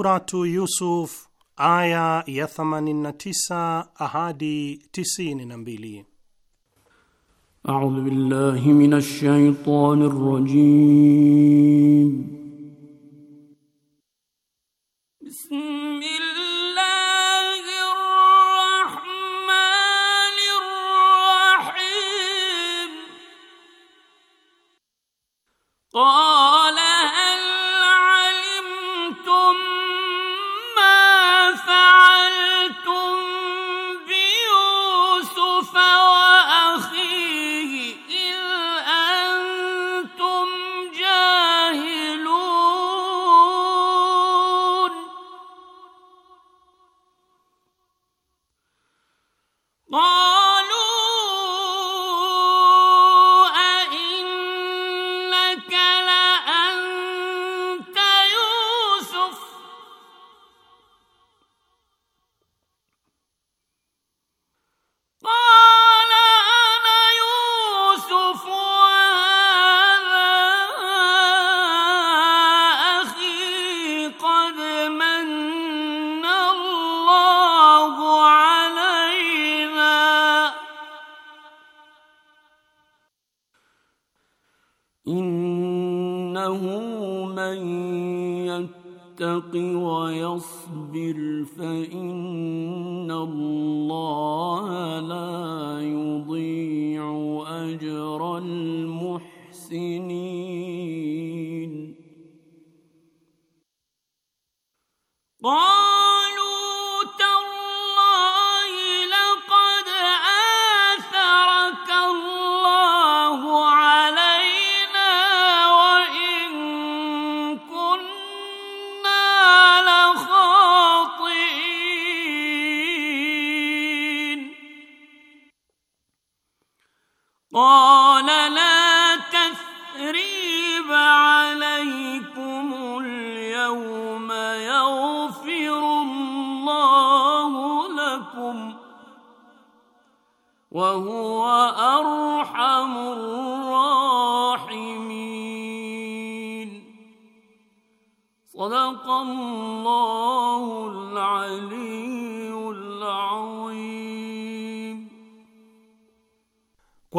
Suratu Yusuf aya ya 89 ahadi 92. A'udhu billahi minash shaitanir rajim. Bismillah Oh!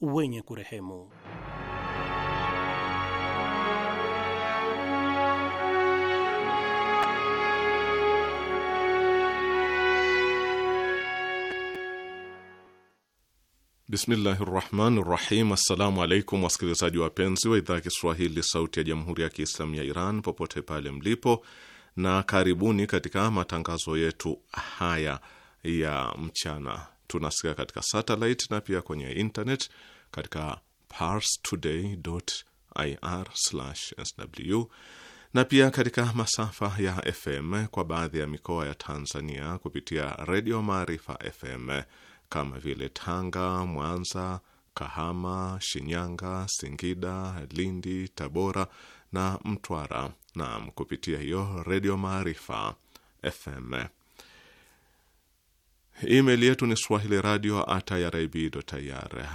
wenye kurehemu. Bismillahi rahmani rahim. Assalamu alaikum wasikilizaji wapenzi wa idhaa ya Kiswahili sauti ya jamhuri ya Kiislamu ya Iran popote pale mlipo, na karibuni katika matangazo yetu haya ya mchana. Tunasikia katika satellite na pia kwenye internet katika parstoday.ir/sw na pia katika masafa ya FM kwa baadhi ya mikoa ya Tanzania kupitia Redio Maarifa FM kama vile Tanga, Mwanza, Kahama, Shinyanga, Singida, Lindi, Tabora na Mtwara, na kupitia hiyo Redio Maarifa FM. Email yetu ni swahili radio at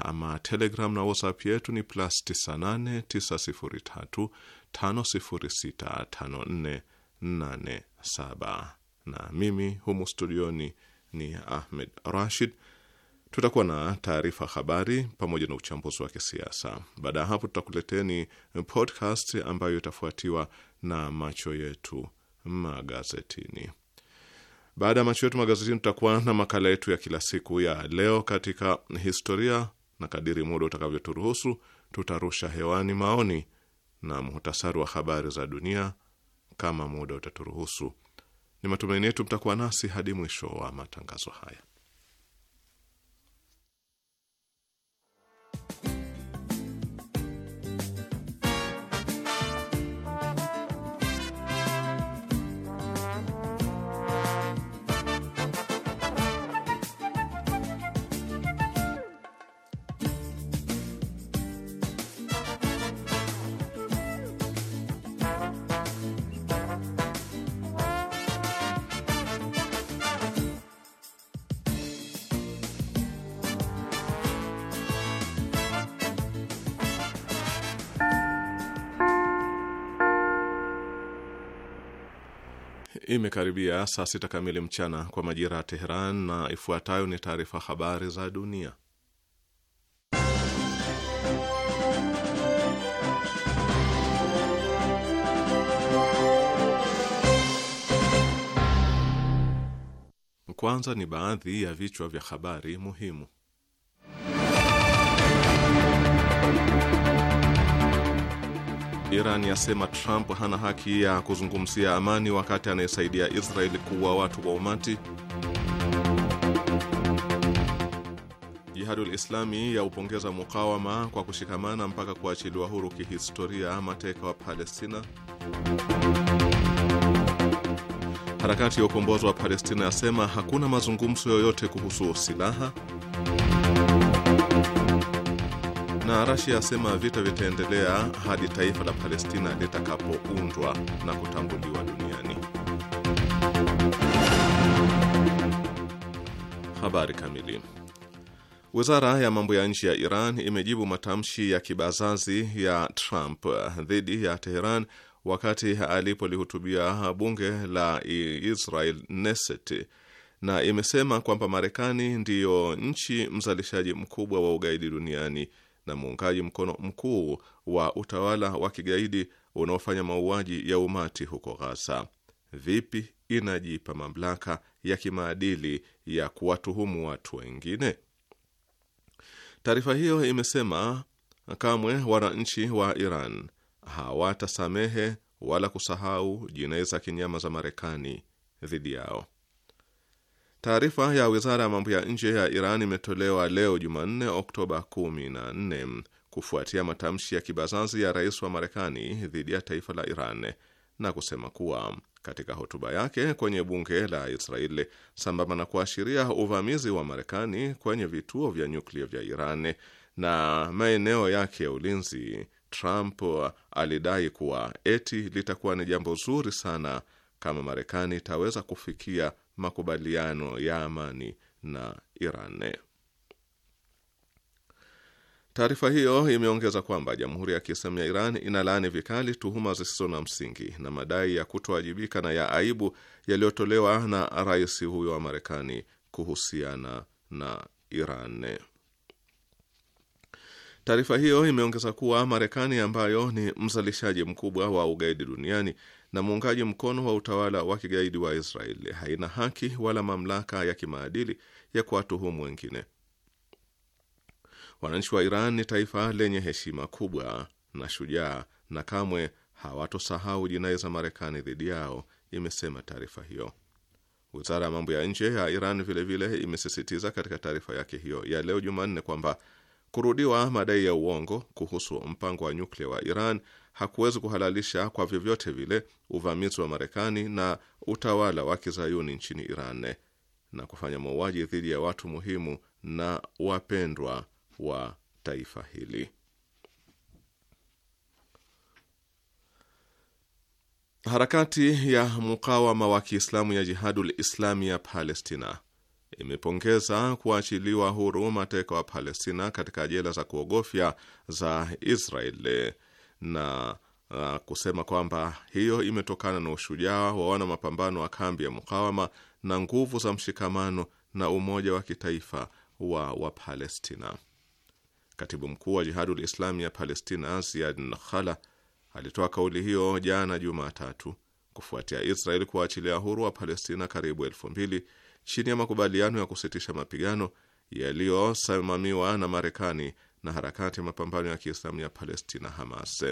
Ama telegram na whatsapp yetu ni plus 98 903 na mimi humu studioni ni Ahmed Rashid. Tutakuwa na taarifa habari pamoja na uchambuzi wa kisiasa. Baada ya hapo, tutakuleteni podcast ambayo itafuatiwa na macho yetu magazetini. Baada ya macho yetu magazetini, tutakuwa na makala yetu ya kila siku ya leo katika historia, na kadiri muda utakavyoturuhusu tutarusha hewani maoni na muhtasari wa habari za dunia kama muda utaturuhusu. Ni matumaini yetu mtakuwa nasi hadi mwisho wa matangazo haya. Imekaribia saa sita kamili mchana kwa majira ya Teheran, na ifuatayo ni taarifa habari za dunia. Kwanza ni baadhi ya vichwa vya habari muhimu. Iran yasema Trump hana haki ya kuzungumzia amani wakati anayesaidia Israeli kuua watu kwa umati. Jihadul Islami yaupongeza mukawama kwa kushikamana mpaka kuachiliwa huru kihistoria mateka wa Palestina. Harakati ya ukombozi wa Palestina yasema hakuna mazungumzo yoyote kuhusu silaha. na Rasia asema vita vitaendelea hadi taifa la Palestina litakapoundwa na kutambuliwa duniani. Habari kamili. Wizara ya mambo ya nje ya Iran imejibu matamshi ya kibazazi ya Trump dhidi ya Teheran wakati alipolihutubia bunge la Israel Knesset na imesema kwamba Marekani ndiyo nchi mzalishaji mkubwa wa ugaidi duniani na muungaji mkono mkuu wa utawala wa kigaidi unaofanya mauaji ya umati huko Ghaza. Vipi inajipa mamlaka ya kimaadili ya kuwatuhumu watu wengine? Taarifa hiyo imesema kamwe wananchi wa Iran hawatasamehe wala kusahau jinai za kinyama za Marekani dhidi yao. Taarifa ya wizara ya mambo ya nje ya Iran imetolewa leo Jumanne, Oktoba 14 kufuatia matamshi ya kibazazi ya rais wa Marekani dhidi ya taifa la Iran na kusema kuwa katika hotuba yake kwenye bunge la Israeli, sambamba na kuashiria uvamizi wa Marekani kwenye vituo vya nyuklia vya Iran na maeneo yake ya ulinzi, Trump alidai kuwa eti litakuwa ni jambo zuri sana kama Marekani itaweza kufikia makubaliano ya amani na Iran. Taarifa hiyo imeongeza kwamba Jamhuri ya Kiislamu ya Iran inalaani vikali tuhuma zisizo na msingi na madai ya kutowajibika na ya aibu yaliyotolewa na rais huyo wa Marekani kuhusiana na Iran. Taarifa hiyo imeongeza kuwa Marekani ambayo ni mzalishaji mkubwa wa ugaidi duniani na muungaji mkono wa utawala wa kigaidi wa Israeli haina haki wala mamlaka ya kimaadili ya kuwatuhumu wengine. Wananchi wa Iran ni taifa lenye heshima kubwa na shujaa na kamwe hawatosahau jinai za Marekani dhidi yao, imesema taarifa hiyo. Wizara ya mambo ya nje ya Iran vilevile imesisitiza katika taarifa yake hiyo ya leo Jumanne kwamba Kurudiwa madai ya uongo kuhusu mpango wa nyuklia wa Iran hakuwezi kuhalalisha kwa vyovyote vile uvamizi wa Marekani na utawala wa kizayuni nchini Iran na kufanya mauaji dhidi ya watu muhimu na wapendwa wa taifa hili. Harakati ya mukawama wa Kiislamu ya Jihadul Islami ya Palestina imepongeza kuachiliwa huru mateka wa Palestina katika jela za kuogofya za Israeli na uh, kusema kwamba hiyo imetokana na ushujaa wa wana mapambano wa kambi ya mukawama na nguvu za mshikamano na umoja wa kitaifa wa Wapalestina. Katibu mkuu wa Jihadul Islami ya Palestina Ziad Nakhala alitoa kauli hiyo jana Jumatatu kufuatia Israel kuachilia huru wa Palestina karibu elfu mbili chini ya makubaliano ya kusitisha mapigano yaliyosimamiwa na Marekani na harakati ya mapambano ya Kiislamu ya Palestina, Hamas.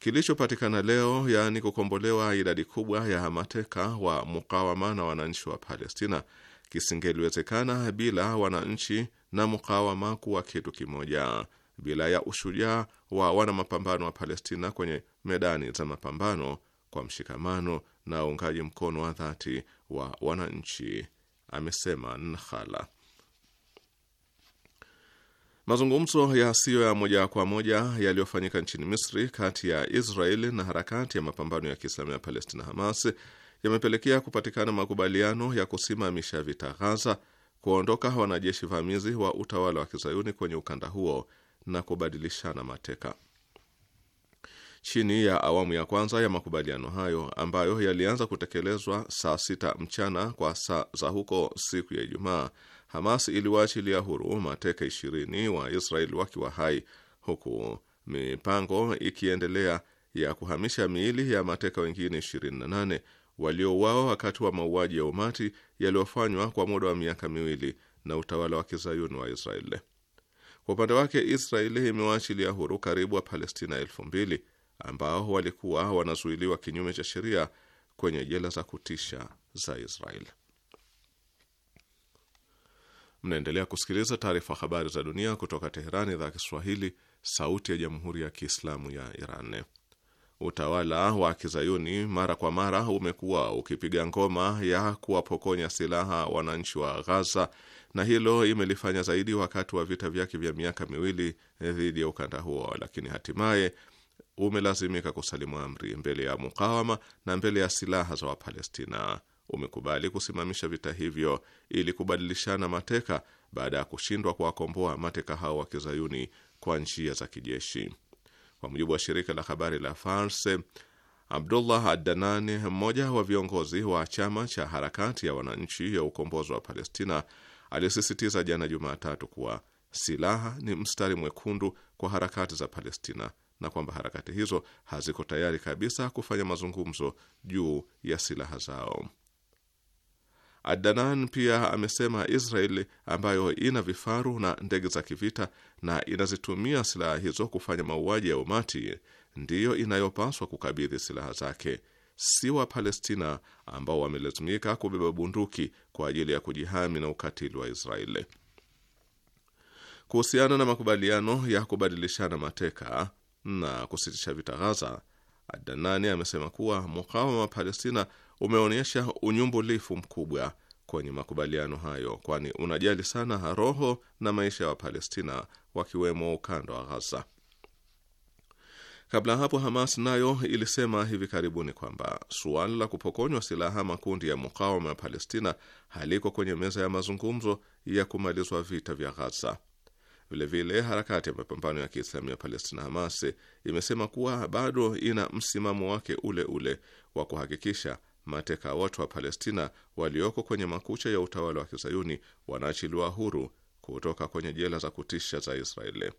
Kilichopatikana leo, yaani kukombolewa idadi kubwa ya mateka wa mukawama na wananchi wa Palestina, kisingeliwezekana bila wananchi na mukawama kuwa kitu kimoja, bila ya ushujaa wa wanamapambano wa Palestina kwenye medani za mapambano, kwa mshikamano na uungaji mkono wa dhati wa wananchi, amesema nhala Mazungumzo yasiyo ya moja kwa moja yaliyofanyika nchini Misri kati ya Israeli na harakati ya mapambano ya Kiislamu ya Palestina, Hamas, yamepelekea kupatikana makubaliano ya kusimamisha vita Ghaza, kuondoka wanajeshi vamizi wa utawala wa kizayuni kwenye ukanda huo na kubadilishana mateka chini ya awamu ya kwanza ya makubaliano hayo ambayo yalianza kutekelezwa saa sita mchana kwa saa za huko siku ya Ijumaa, Hamas iliwaachilia huru mateka ishirini wa Israeli wakiwa hai, huku mipango ikiendelea ya kuhamisha miili ya mateka wengine 28 waliouawa wakati wa mauaji ya umati yaliyofanywa kwa muda wa miaka miwili na utawala wa kizayuni wa Israeli. Kwa upande wake, Israeli imewaachilia huru karibu wa Palestina elfu mbili ambao walikuwa wanazuiliwa kinyume cha sheria kwenye jela za kutisha za Israel. Mnaendelea kusikiliza taarifa habari za dunia kutoka Teherani, idhaa ya Kiswahili, sauti ya jamhuri ya kiislamu ya Iran. Utawala wa kizayuni mara kwa mara umekuwa ukipiga ngoma ya kuwapokonya silaha wananchi wa Ghaza, na hilo imelifanya zaidi wakati wa vita vyake vya miaka miwili dhidi ya ukanda huo, lakini hatimaye umelazimika kusalimu amri mbele ya mukawama na mbele ya silaha za Wapalestina. Umekubali kusimamisha vita hivyo ili kubadilishana mateka baada ya kushindwa kuwakomboa mateka hao wa kizayuni kwa njia za kijeshi. Kwa mujibu wa shirika la habari la Farse, Abdullah Adanani, mmoja wa viongozi wa chama cha harakati ya wananchi ya ukombozi wa Palestina, alisisitiza jana Jumatatu kuwa silaha ni mstari mwekundu kwa harakati za Palestina na kwamba harakati hizo haziko tayari kabisa kufanya mazungumzo juu ya silaha zao. adanan pia amesema Israeli ambayo ina vifaru na ndege za kivita na inazitumia silaha hizo kufanya mauaji ya umati ndiyo inayopaswa kukabidhi silaha zake, si wa Palestina ambao wamelazimika kubeba bunduki kwa ajili ya kujihami na ukatili wa Israeli. Kuhusiana na makubaliano ya kubadilishana mateka, na kusitisha vita Ghaza, adanani amesema kuwa mukawama wa Palestina umeonyesha unyumbulifu mkubwa kwenye makubaliano hayo, kwani unajali sana roho na maisha ya wa Wapalestina, wakiwemo ukanda wa Ghaza. Kabla hapo Hamas nayo ilisema hivi karibuni kwamba suala la kupokonywa silaha makundi ya mukawama ya Palestina haliko kwenye meza ya mazungumzo ya kumalizwa vita vya Ghaza. Vilevile, harakati ya mapambano ya Kiislamu ya Palestina, Hamas, imesema kuwa bado ina msimamo wake ule ule wa kuhakikisha mateka wote wa Palestina walioko kwenye makucha ya utawala wa kizayuni wanaachiliwa huru kutoka kwenye jela za kutisha za Israeli.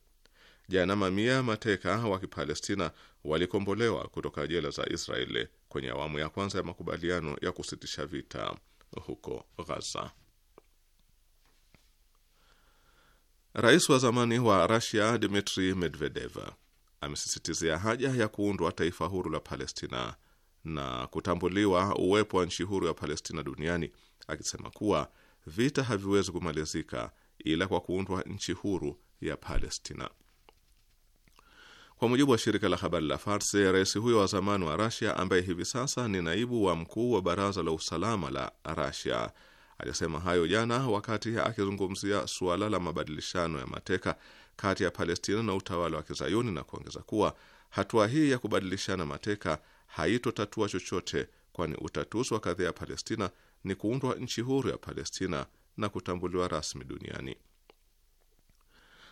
Jana mamia mateka wa Kipalestina walikombolewa kutoka jela za Israeli kwenye awamu ya kwanza ya makubaliano ya kusitisha vita huko Gaza. Rais wa zamani wa Rusia Dmitri Medvedev amesisitizia haja ya kuundwa taifa huru la Palestina na kutambuliwa uwepo wa nchi huru ya Palestina duniani, akisema kuwa vita haviwezi kumalizika ila kwa kuundwa nchi huru ya Palestina. Kwa mujibu wa shirika la habari la Farsi, rais huyo wa zamani wa Rasia ambaye hivi sasa ni naibu wa mkuu wa baraza la usalama la Rasia Alisema hayo jana wakati akizungumzia suala la mabadilishano ya mateka kati ya Palestina na utawala wa Kizayuni na kuongeza kuwa hatua hii ya kubadilishana mateka haitotatua chochote, kwani utatuzi wa kadhia ya Palestina ni kuundwa nchi huru ya Palestina na kutambuliwa rasmi duniani.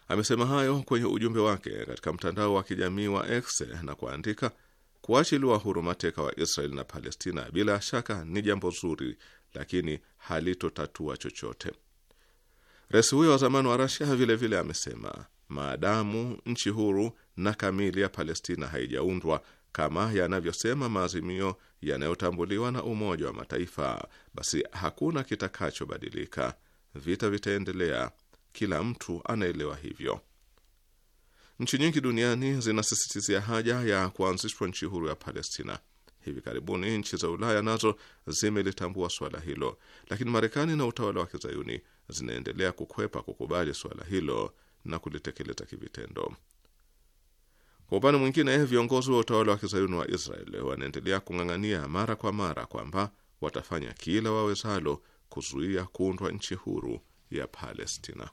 Amesema hayo kwenye ujumbe wake katika mtandao wa kijamii wa X na kuandika, kuachiliwa huru mateka wa Israeli na Palestina bila shaka ni jambo zuri, lakini halitotatua chochote. Rais huyo wa zamani wa Rasia vilevile vile amesema maadamu nchi huru na kamili ya Palestina haijaundwa kama yanavyosema maazimio yanayotambuliwa na Umoja wa Mataifa, basi hakuna kitakachobadilika. Vita vitaendelea, kila mtu anaelewa hivyo. Nchi nyingi duniani zinasisitizia haja ya kuanzishwa nchi huru ya Palestina. Hivi karibuni nchi za Ulaya nazo zimelitambua suala hilo, lakini Marekani na utawala wa kizayuni zinaendelea kukwepa kukubali suala hilo na kulitekeleza kivitendo. Kwa upande mwingine, viongozi wa utawala wa kizayuni wa Israel wanaendelea kung'ang'ania mara kwa mara kwamba watafanya kila wawezalo kuzuia kuundwa nchi huru ya Palestina.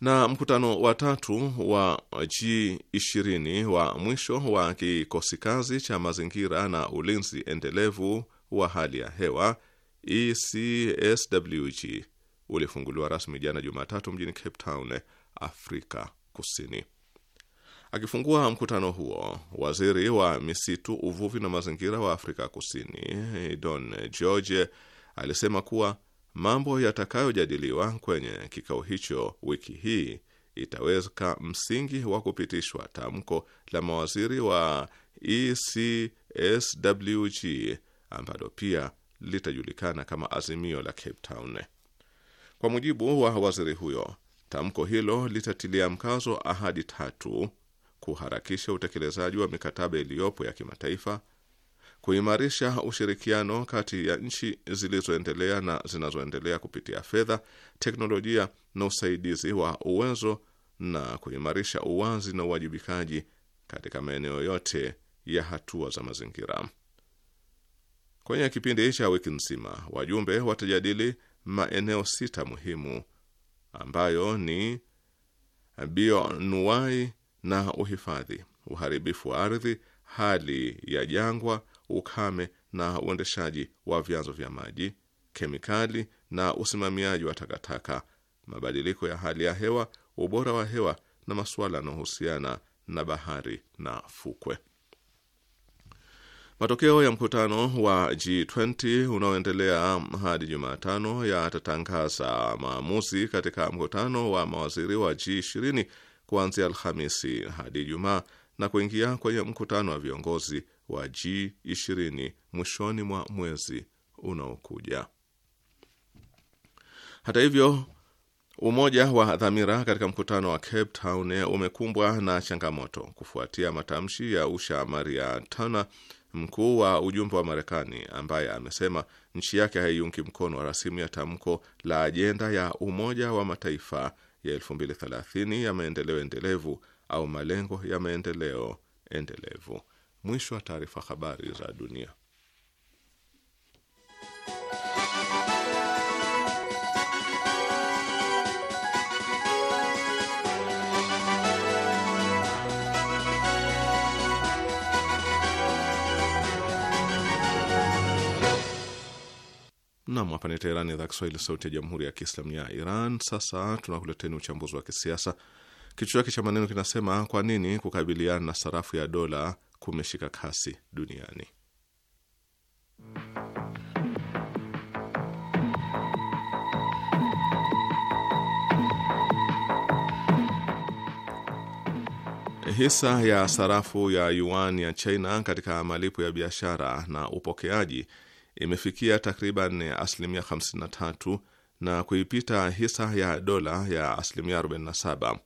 na mkutano wa tatu wa G20 wa mwisho wa kikosi kazi cha mazingira na ulinzi endelevu wa hali ya hewa ECSWG ulifunguliwa rasmi jana Jumatatu mjini Cape Town, Afrika Kusini. Akifungua mkutano huo, waziri wa misitu, uvuvi na mazingira wa Afrika Kusini Don George alisema kuwa mambo yatakayojadiliwa kwenye kikao hicho wiki hii itaweka msingi wa kupitishwa tamko la mawaziri wa ECSWG ambalo pia litajulikana kama azimio la Cape Town. Kwa mujibu wa waziri huyo, tamko hilo litatilia mkazo ahadi tatu: kuharakisha utekelezaji wa mikataba iliyopo ya kimataifa kuimarisha ushirikiano kati ya nchi zilizoendelea na zinazoendelea kupitia fedha, teknolojia na usaidizi wa uwezo na kuimarisha uwazi na uwajibikaji katika maeneo yote ya hatua za mazingira. Kwenye kipindi cha wiki nzima, wajumbe watajadili maeneo sita muhimu ambayo ni bioanuwai na uhifadhi, uharibifu wa ardhi, hali ya jangwa, ukame na uendeshaji wa vyanzo vya maji, kemikali na usimamiaji wa takataka, mabadiliko ya hali ya hewa, ubora wa hewa na masuala yanayohusiana na bahari na fukwe. Matokeo ya mkutano wa G20 unaoendelea hadi Jumatano yatatangaza maamuzi katika mkutano wa mawaziri wa G20 kuanzia Alhamisi hadi Ijumaa na kuingia kwenye mkutano wa viongozi wa G20 mwishoni mwa mwezi unaokuja. Hata hivyo, umoja wa dhamira katika mkutano wa Cape Town umekumbwa na changamoto kufuatia matamshi ya Usha Maria Tana, mkuu wa ujumbe wa Marekani, ambaye amesema nchi yake haiungi mkono rasimu ya tamko la ajenda ya Umoja wa Mataifa ya 2030 ya maendeleo endelevu au malengo ya maendeleo endelevu. Mwisho wa taarifa. Habari za dunia. Nam, hapa ni Teherani, idhaa Kiswahili, sauti ya jamhuri ya kiislamu ya Iran. Sasa tunakuleteni uchambuzi wa kisiasa, kichwa chake cha maneno kinasema: kwa nini kukabiliana na sarafu ya dola kumeshika kasi duniani. Hisa ya sarafu ya yuan ya China katika malipo ya biashara na upokeaji imefikia takriban asilimia 53 na kuipita hisa ya dola ya asilimia 47.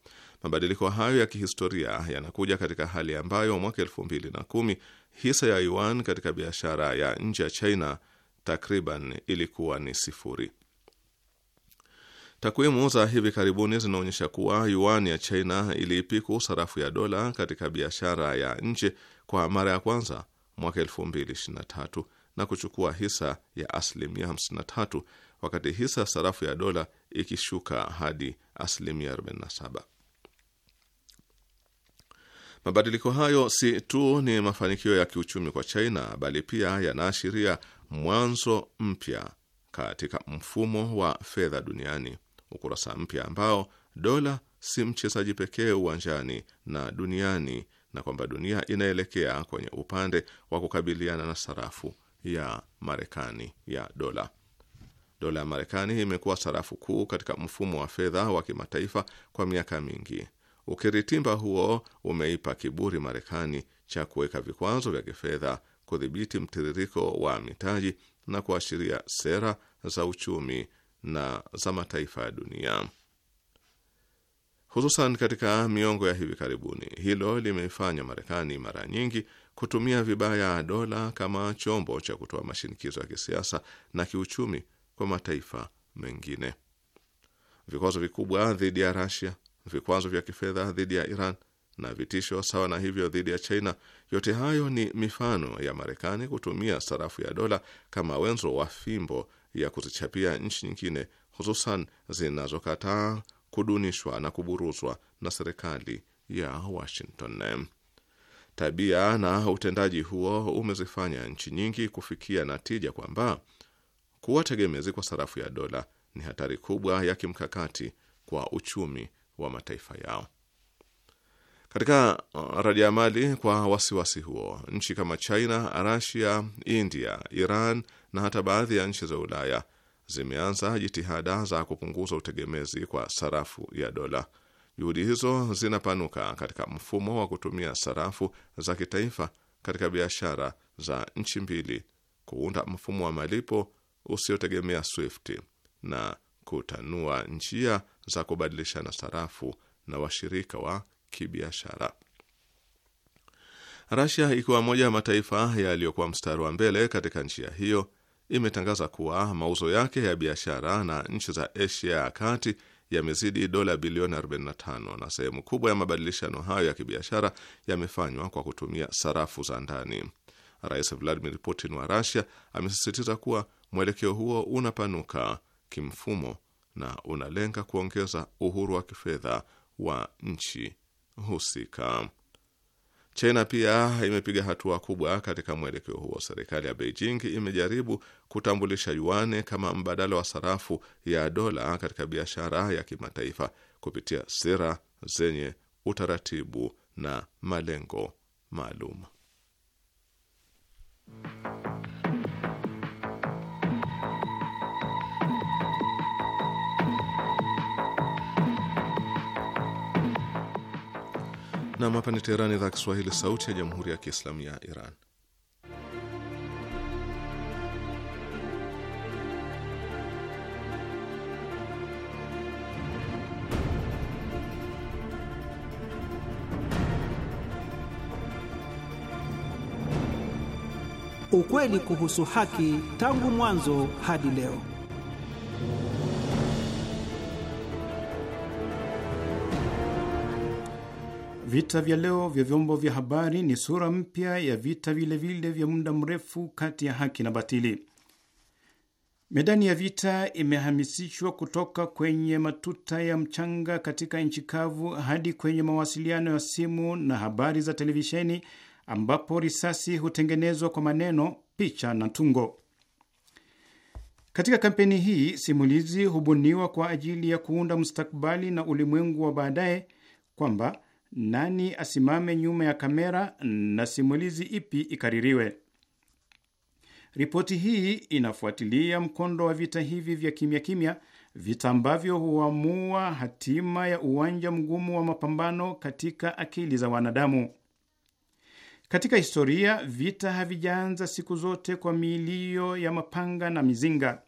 Mabadiliko hayo ya kihistoria yanakuja katika hali ambayo mwaka elfu mbili na kumi hisa ya yuan katika biashara ya nje ya China takriban ilikuwa ni sifuri. Takwimu za hivi karibuni zinaonyesha kuwa yuan ya China iliipiku sarafu ya dola katika biashara ya nje kwa mara ya kwanza mwaka 2023 na kuchukua hisa ya asilimia 53, wakati hisa sarafu ya dola ikishuka hadi asilimia 47. Mabadiliko hayo si tu ni mafanikio ya kiuchumi kwa China, bali pia yanaashiria mwanzo mpya katika mfumo wa fedha duniani, ukurasa mpya ambao dola si mchezaji pekee uwanjani na duniani, na kwamba dunia inaelekea kwenye upande wa kukabiliana na sarafu ya Marekani ya dola. Dola ya Marekani imekuwa sarafu kuu katika mfumo wa fedha wa kimataifa kwa miaka mingi. Ukiritimba huo umeipa kiburi Marekani cha kuweka vikwazo vya kifedha, kudhibiti mtiririko wa mitaji na kuashiria sera za uchumi na za mataifa ya dunia, hususan katika miongo ya hivi karibuni. Hilo limeifanya Marekani mara nyingi kutumia vibaya dola kama chombo cha kutoa mashinikizo ya kisiasa na kiuchumi kwa mataifa mengine. Vikwazo vikubwa dhidi ya Russia vikwazo vya kifedha dhidi ya Iran na vitisho sawa na hivyo dhidi ya China. Yote hayo ni mifano ya Marekani kutumia sarafu ya dola kama wenzo wa fimbo ya kuzichapia nchi nyingine, hususan zinazokataa kudunishwa na kuburuzwa na serikali ya Washington. Tabia na utendaji huo umezifanya nchi nyingi kufikia natija kwamba kuwa tegemezi kwa sarafu ya dola ni hatari kubwa ya kimkakati kwa uchumi wa mataifa yao. Katika uh, mali kwa wasiwasi wasi huo, nchi kama China, Rasia, India, Iran na hata baadhi ya nchi za Ulaya zimeanza jitihada za kupunguza utegemezi kwa sarafu ya dola. Juhudi hizo zinapanuka katika mfumo wa kutumia sarafu za kitaifa katika biashara za nchi mbili, kuunda mfumo wa malipo usiotegemea SWIFT na kutanua njia za kubadilishana sarafu na washirika wa kibiashara. Rasia ikiwa moja ya mataifa yaliyokuwa mstari wa mbele katika njia hiyo, imetangaza kuwa mauzo yake ya biashara na nchi za Asia ya kati yamezidi dola bilioni 45 na sehemu kubwa ya mabadilishano hayo ya kibiashara yamefanywa kwa kutumia sarafu za ndani. Rais Vladimir Putin wa Rasia amesisitiza kuwa mwelekeo huo unapanuka kimfumo na unalenga kuongeza uhuru wa kifedha wa nchi husika. China pia imepiga hatua kubwa katika mwelekeo huo. Serikali ya Beijing imejaribu kutambulisha yuane kama mbadala wa sarafu ya dola katika biashara ya kimataifa kupitia sera zenye utaratibu na malengo maalum. Nam, hapa ni Teherani, idhaa Kiswahili, sauti ya jamhuri ya kiislamu ya Iran. Ukweli kuhusu haki, tangu mwanzo hadi leo. Vita vya leo vya vyombo vya habari ni sura mpya ya vita vilevile vya muda mrefu kati ya haki na batili. Medani ya vita imehamisishwa kutoka kwenye matuta ya mchanga katika nchi kavu hadi kwenye mawasiliano ya simu na habari za televisheni, ambapo risasi hutengenezwa kwa maneno, picha na tungo. Katika kampeni hii, simulizi hubuniwa kwa ajili ya kuunda mustakabali na ulimwengu wa baadaye, kwamba nani asimame nyuma ya kamera na simulizi ipi ikaririwe? Ripoti hii inafuatilia mkondo wa vita hivi vya kimya kimya, vita ambavyo huamua hatima ya uwanja mgumu wa mapambano katika akili za wanadamu. Katika historia, vita havijaanza siku zote kwa milio ya mapanga na mizinga.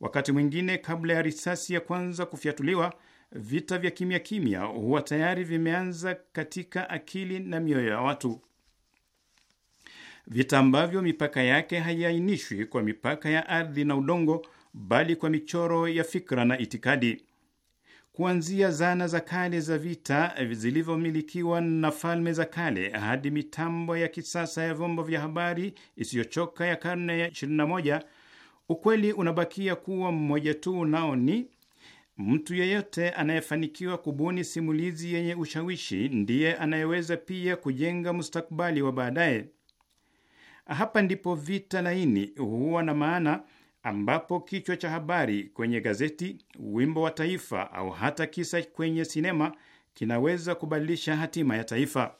Wakati mwingine, kabla ya risasi ya kwanza kufyatuliwa, vita vya kimya kimya huwa tayari vimeanza katika akili na mioyo ya watu, vita ambavyo mipaka yake haiainishwi kwa mipaka ya ardhi na udongo, bali kwa michoro ya fikra na itikadi. Kuanzia zana za kale za vita zilivyomilikiwa na falme za kale hadi mitambo ya kisasa ya vyombo vya habari isiyochoka ya karne ya 21, ukweli unabakia kuwa mmoja tu, nao ni Mtu yeyote anayefanikiwa kubuni simulizi yenye ushawishi ndiye anayeweza pia kujenga mustakbali wa baadaye. Hapa ndipo vita laini huwa na maana, ambapo kichwa cha habari kwenye gazeti, wimbo wa taifa, au hata kisa kwenye sinema kinaweza kubadilisha hatima ya taifa.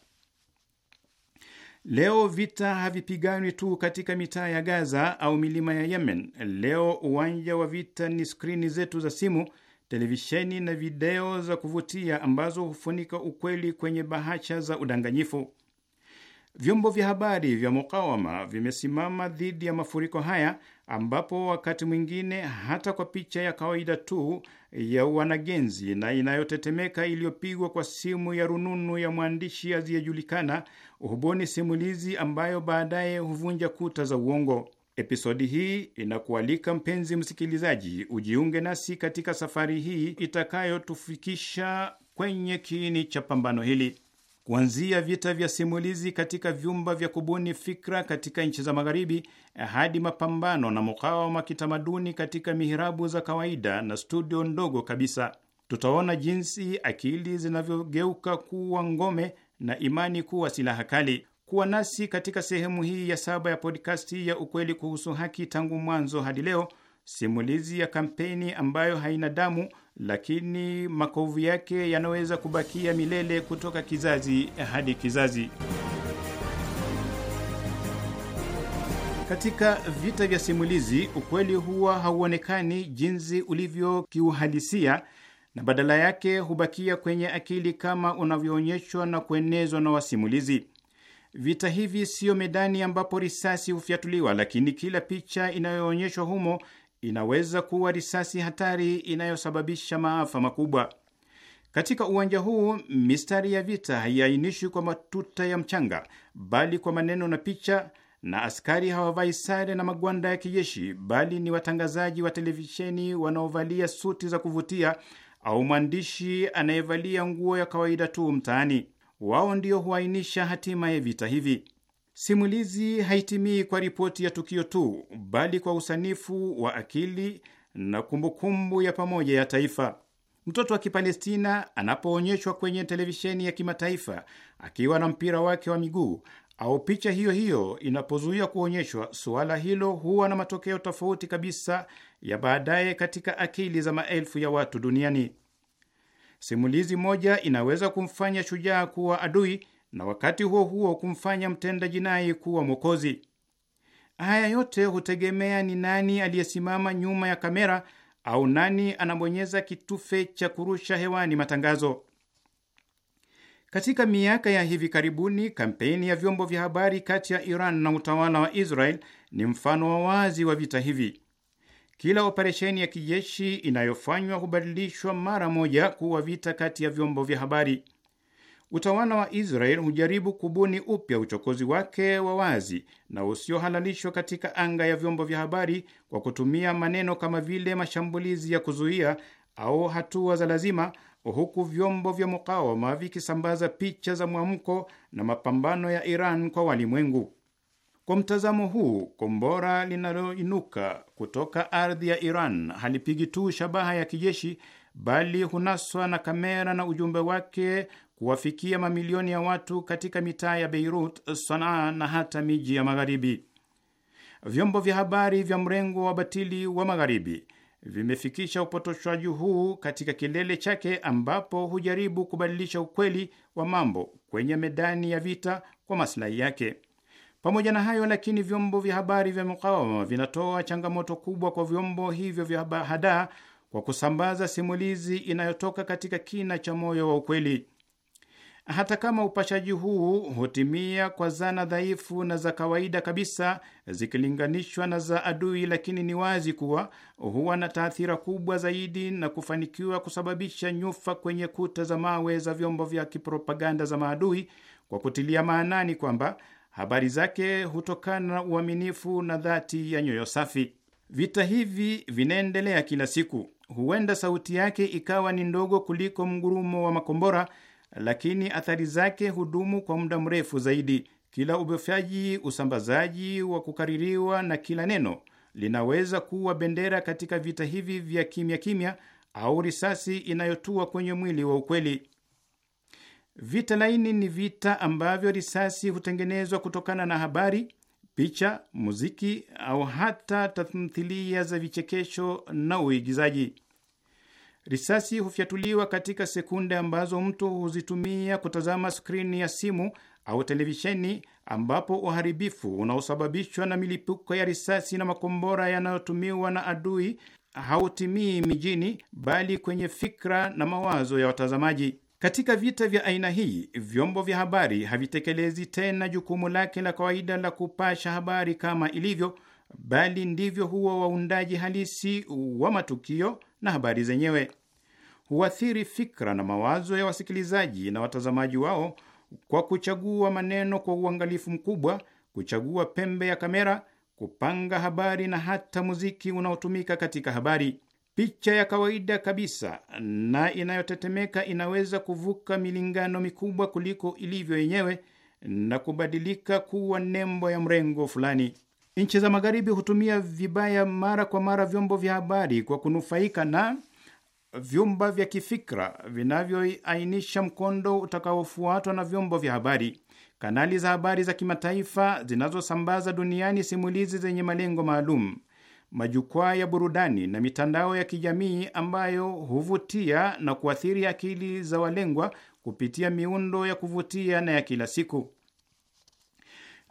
Leo vita havipiganwi tu katika mitaa ya Gaza au milima ya Yemen. Leo uwanja wa vita ni skrini zetu za simu televisheni na video za kuvutia ambazo hufunika ukweli kwenye bahacha za udanganyifu. Vyombo vya habari vya mukawama vimesimama dhidi ya mafuriko haya, ambapo wakati mwingine hata kwa picha ya kawaida tu ya wanagenzi na inayotetemeka iliyopigwa kwa simu ya rununu ya mwandishi asiyejulikana hubuni simulizi ambayo baadaye huvunja kuta za uongo. Episodi hii inakualika mpenzi msikilizaji, ujiunge nasi katika safari hii itakayotufikisha kwenye kiini cha pambano hili, kuanzia vita vya simulizi katika vyumba vya kubuni fikra katika nchi za Magharibi hadi mapambano na mukawama kitamaduni katika mihirabu za kawaida na studio ndogo kabisa. Tutaona jinsi akili zinavyogeuka kuwa ngome na imani kuwa silaha kali kuwa nasi katika sehemu hii ya saba ya podkasti ya ukweli kuhusu haki, tangu mwanzo hadi leo, simulizi ya kampeni ambayo haina damu, lakini makovu yake yanaweza kubakia milele kutoka kizazi hadi kizazi. Katika vita vya simulizi, ukweli huwa hauonekani jinsi ulivyokiuhalisia na badala yake hubakia kwenye akili kama unavyoonyeshwa na kuenezwa na wasimulizi. Vita hivi siyo medani ambapo risasi hufyatuliwa, lakini kila picha inayoonyeshwa humo inaweza kuwa risasi hatari inayosababisha maafa makubwa. Katika uwanja huu mistari ya vita haiainishwi kwa matuta ya mchanga, bali kwa maneno na picha, na askari hawavai sare na magwanda ya kijeshi, bali ni watangazaji wa televisheni wanaovalia suti za kuvutia au mwandishi anayevalia nguo ya kawaida tu mtaani wao ndio huainisha hatima ya vita hivi. Simulizi haitimii kwa ripoti ya tukio tu, bali kwa usanifu wa akili na kumbukumbu kumbu ya pamoja ya taifa. Mtoto wa Kipalestina anapoonyeshwa kwenye televisheni ya kimataifa akiwa na mpira wake wa miguu au picha hiyo hiyo inapozuia kuonyeshwa, suala hilo huwa na matokeo tofauti kabisa ya baadaye katika akili za maelfu ya watu duniani. Simulizi moja inaweza kumfanya shujaa kuwa adui na wakati huo huo kumfanya mtenda jinai kuwa mwokozi. Haya yote hutegemea ni nani aliyesimama nyuma ya kamera au nani anabonyeza kitufe cha kurusha hewani matangazo. Katika miaka ya hivi karibuni, kampeni ya vyombo vya habari kati ya Iran na utawala wa Israel ni mfano wa wazi wa vita hivi. Kila operesheni ya kijeshi inayofanywa hubadilishwa mara moja kuwa vita kati ya vyombo vya habari. Utawala wa Israel hujaribu kubuni upya uchokozi wake wa wazi na usiohalalishwa katika anga ya vyombo vya habari kwa kutumia maneno kama vile mashambulizi ya kuzuia au hatua za lazima, huku vyombo vya mukawama vikisambaza picha za mwamko na mapambano ya Iran kwa walimwengu. Kwa mtazamo huu, kombora linaloinuka kutoka ardhi ya Iran halipigi tu shabaha ya kijeshi, bali hunaswa na kamera na ujumbe wake kuwafikia mamilioni ya watu katika mitaa ya Beirut, Sanaa na hata miji ya magharibi. Vyombo vya habari vya mrengo wa batili wa magharibi vimefikisha upotoshwaji huu katika kilele chake, ambapo hujaribu kubadilisha ukweli wa mambo kwenye medani ya vita kwa masilahi yake. Pamoja na hayo lakini, vyombo vya habari vya mukawama vinatoa changamoto kubwa kwa vyombo hivyo vya hada kwa kusambaza simulizi inayotoka katika kina cha moyo wa ukweli. Hata kama upashaji huu hutimia kwa zana dhaifu na za kawaida kabisa zikilinganishwa na za adui, lakini ni wazi kuwa huwa na taathira kubwa zaidi na kufanikiwa kusababisha nyufa kwenye kuta za mawe za vyombo vya kipropaganda za maadui, kwa kutilia maanani kwamba Habari zake hutokana na uaminifu na dhati ya nyoyo safi. Vita hivi vinaendelea kila siku. Huenda sauti yake ikawa ni ndogo kuliko mgurumo wa makombora, lakini athari zake hudumu kwa muda mrefu zaidi. Kila ubofyaji, usambazaji wa kukaririwa na kila neno linaweza kuwa bendera katika vita hivi vya kimya kimya, au risasi inayotua kwenye mwili wa ukweli. Vita laini ni vita ambavyo risasi hutengenezwa kutokana na habari, picha, muziki au hata tamthilia za vichekesho na uigizaji. Risasi hufyatuliwa katika sekunde ambazo mtu huzitumia kutazama skrini ya simu au televisheni, ambapo uharibifu unaosababishwa na milipuko ya risasi na makombora yanayotumiwa na adui hautimii mijini, bali kwenye fikra na mawazo ya watazamaji. Katika vita vya aina hii, vyombo vya habari havitekelezi tena jukumu lake la kawaida la kupasha habari kama ilivyo, bali ndivyo huwa waundaji halisi wa matukio na habari zenyewe. Huathiri fikra na mawazo ya wasikilizaji na watazamaji wao kwa kuchagua maneno kwa uangalifu mkubwa, kuchagua pembe ya kamera, kupanga habari na hata muziki unaotumika katika habari. Picha ya kawaida kabisa na inayotetemeka inaweza kuvuka milingano mikubwa kuliko ilivyo yenyewe na kubadilika kuwa nembo ya mrengo fulani. Nchi za Magharibi hutumia vibaya mara kwa mara vyombo vya habari kwa kunufaika na vyumba vya kifikra vinavyoainisha mkondo utakaofuatwa na vyombo vya habari, kanali za habari za kimataifa zinazosambaza duniani simulizi zenye malengo maalum majukwaa ya burudani na mitandao ya kijamii ambayo huvutia na kuathiri akili za walengwa kupitia miundo ya kuvutia na ya kila siku.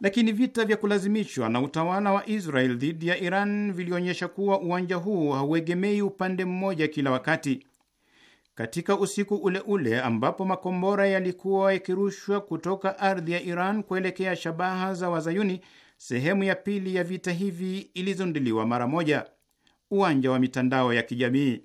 Lakini vita vya kulazimishwa na utawala wa Israel dhidi ya Iran vilionyesha kuwa uwanja huu hauegemei upande mmoja kila wakati. Katika usiku ule ule ambapo makombora yalikuwa yakirushwa kutoka ardhi ya Iran kuelekea shabaha za Wazayuni, Sehemu ya pili ya vita hivi ilizunduliwa mara moja, uwanja wa mitandao ya kijamii.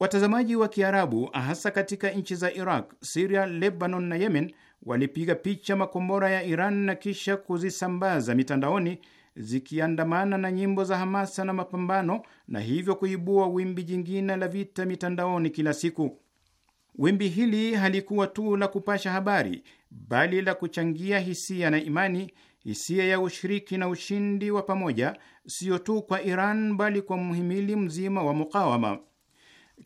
Watazamaji wa Kiarabu, hasa katika nchi za Iraq, Siria, Lebanon na Yemen, walipiga picha makombora ya Iran na kisha kuzisambaza mitandaoni zikiandamana na nyimbo za hamasa na mapambano, na hivyo kuibua wimbi jingine la vita mitandaoni kila siku. Wimbi hili halikuwa tu la kupasha habari, bali la kuchangia hisia na imani hisia ya ushiriki na ushindi wa pamoja, siyo tu kwa Iran bali kwa mhimili mzima wa mukawama.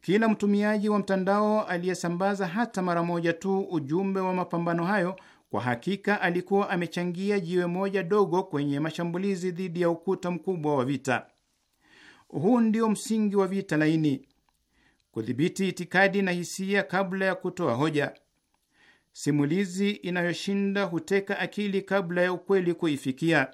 Kila mtumiaji wa mtandao aliyesambaza hata mara moja tu ujumbe wa mapambano hayo, kwa hakika alikuwa amechangia jiwe moja dogo kwenye mashambulizi dhidi ya ukuta mkubwa wa vita. Huu ndio msingi wa vita laini: kudhibiti itikadi na hisia kabla ya kutoa hoja. Simulizi inayoshinda huteka akili kabla ya ukweli kuifikia.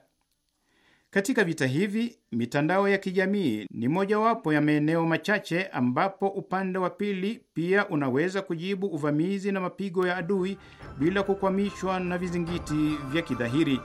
Katika vita hivi, mitandao ya kijamii ni mojawapo ya maeneo machache ambapo upande wa pili pia unaweza kujibu uvamizi na mapigo ya adui bila kukwamishwa na vizingiti vya kidhahiri.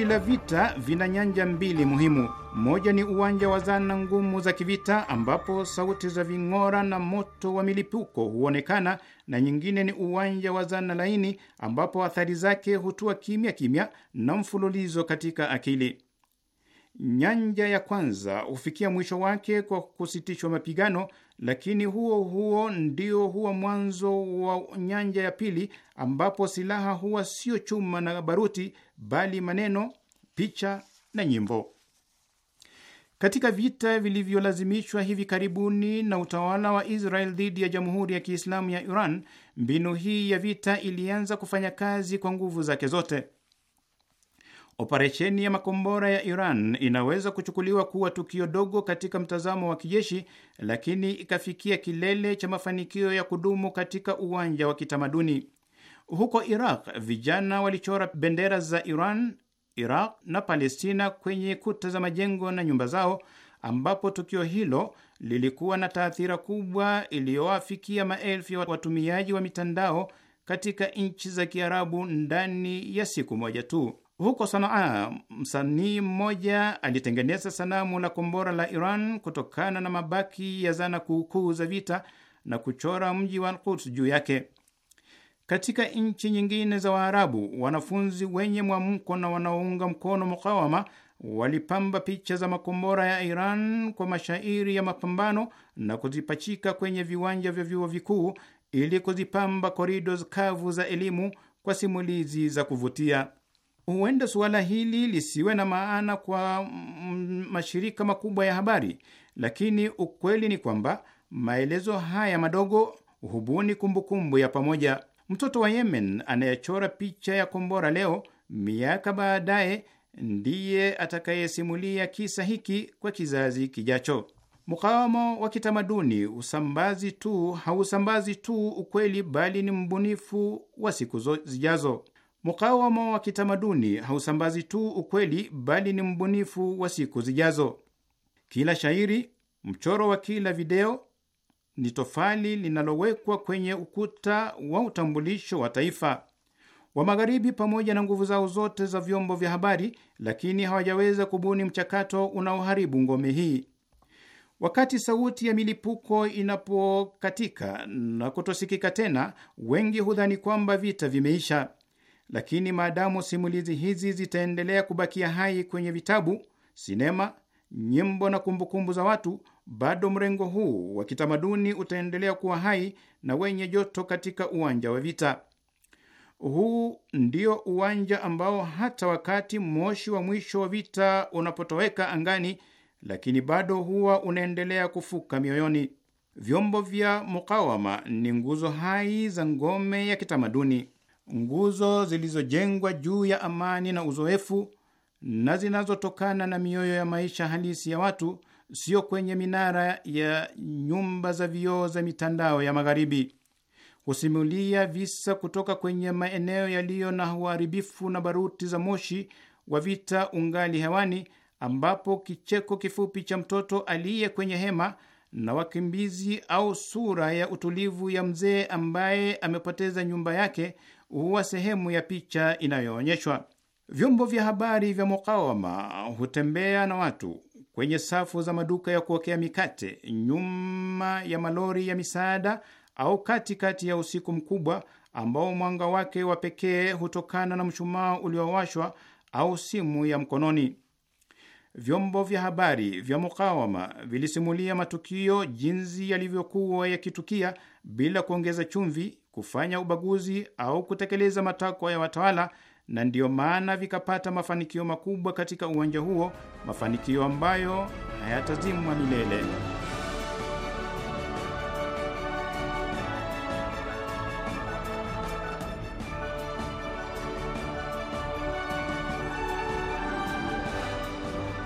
kila vita vina nyanja mbili muhimu. Moja ni uwanja wa zana ngumu za kivita, ambapo sauti za ving'ora na moto wa milipuko huonekana, na nyingine ni uwanja wa zana laini, ambapo athari zake hutua kimya kimya na mfululizo katika akili. Nyanja ya kwanza hufikia mwisho wake kwa kusitishwa mapigano, lakini huo huo ndio huwa mwanzo wa nyanja ya pili, ambapo silaha huwa sio chuma na baruti, bali maneno, picha na nyimbo. Katika vita vilivyolazimishwa hivi karibuni na utawala wa Israel dhidi ya Jamhuri ya Kiislamu ya Iran, mbinu hii ya vita ilianza kufanya kazi kwa nguvu zake zote. Operesheni ya makombora ya Iran inaweza kuchukuliwa kuwa tukio dogo katika mtazamo wa kijeshi, lakini ikafikia kilele cha mafanikio ya kudumu katika uwanja wa kitamaduni. Huko Iraq, vijana walichora bendera za Iran, Iraq na Palestina kwenye kuta za majengo na nyumba zao, ambapo tukio hilo lilikuwa na taathira kubwa iliyowafikia maelfu ya watumiaji wa mitandao katika nchi za Kiarabu ndani ya siku moja tu. Huko Sanaa, msanii mmoja alitengeneza sanamu la kombora la Iran kutokana na mabaki ya zana kuukuu za vita na kuchora mji wa Quds juu yake. Katika nchi nyingine za Waarabu, wanafunzi wenye mwamko na wanaounga mkono mukawama walipamba picha za makombora ya Iran kwa mashairi ya mapambano na kuzipachika kwenye viwanja vya vyuo vikuu ili kuzipamba korido kavu za elimu kwa simulizi za kuvutia huenda suala hili lisiwe na maana kwa mashirika makubwa ya habari, lakini ukweli ni kwamba maelezo haya madogo hubuni kumbukumbu kumbu ya pamoja. Mtoto wa Yemen anayechora picha ya kombora leo, miaka baadaye ndiye atakayesimulia kisa hiki kwa kizazi kijacho. Mkawamo wa kitamaduni usambazi tu hausambazi tu ukweli, bali ni mbunifu wa siku zijazo. Mukawama wa kitamaduni hausambazi tu ukweli, bali ni mbunifu wa siku zijazo. Kila shairi, mchoro wa kila video ni tofali linalowekwa kwenye ukuta wa utambulisho wa taifa wa Magharibi. Pamoja na nguvu zao zote za vyombo vya habari, lakini hawajaweza kubuni mchakato unaoharibu ngome hii. Wakati sauti ya milipuko inapokatika na kutosikika tena, wengi hudhani kwamba vita vimeisha. Lakini maadamu simulizi hizi zitaendelea kubakia hai kwenye vitabu, sinema, nyimbo na kumbukumbu za watu, bado mrengo huu wa kitamaduni utaendelea kuwa hai na wenye joto katika uwanja wa vita. Huu ndio uwanja ambao hata wakati moshi wa mwisho wa vita unapotoweka angani, lakini bado huwa unaendelea kufuka mioyoni. Vyombo vya mukawama ni nguzo hai za ngome ya kitamaduni nguzo zilizojengwa juu ya amani na uzoefu na zinazotokana na mioyo ya maisha halisi ya watu, sio kwenye minara ya nyumba za vioo za mitandao ya Magharibi. Kusimulia visa kutoka kwenye maeneo yaliyo na uharibifu na baruti za moshi wa vita ungali hewani, ambapo kicheko kifupi cha mtoto aliye kwenye hema na wakimbizi au sura ya utulivu ya mzee ambaye amepoteza nyumba yake huwa sehemu ya picha inayoonyeshwa. Vyombo vya habari vya mukawama hutembea na watu kwenye safu za maduka ya kuokea mikate, nyuma ya malori ya misaada, au katikati kati ya usiku mkubwa ambao mwanga wake wa pekee hutokana na mshumaa uliowashwa au simu ya mkononi vyombo vya habari vya mukawama vilisimulia matukio jinsi yalivyokuwa yakitukia bila kuongeza chumvi, kufanya ubaguzi au kutekeleza matakwa ya watawala, na ndiyo maana vikapata mafanikio makubwa katika uwanja huo, mafanikio ambayo hayatazimwa milele.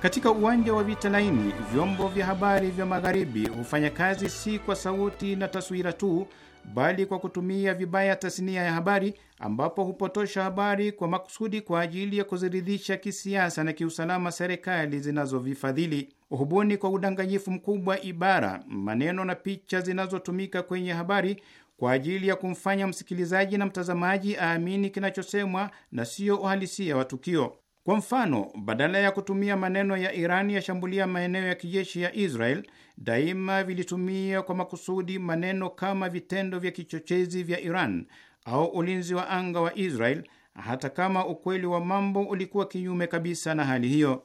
Katika uwanja wa vita laini, vyombo vya habari vya Magharibi hufanya kazi si kwa sauti na taswira tu, bali kwa kutumia vibaya tasnia ya habari, ambapo hupotosha habari kwa makusudi kwa ajili ya kuziridhisha kisiasa na kiusalama serikali zinazovifadhili. Hubuni kwa udanganyifu mkubwa ibara, maneno na picha zinazotumika kwenye habari kwa ajili ya kumfanya msikilizaji na mtazamaji aamini kinachosemwa na siyo uhalisia wa tukio. Kwa mfano, badala ya kutumia maneno ya Irani yashambulia maeneo ya kijeshi ya Israel, daima vilitumia kwa makusudi maneno kama vitendo vya kichochezi vya Iran au ulinzi wa anga wa Israel, hata kama ukweli wa mambo ulikuwa kinyume kabisa na hali hiyo.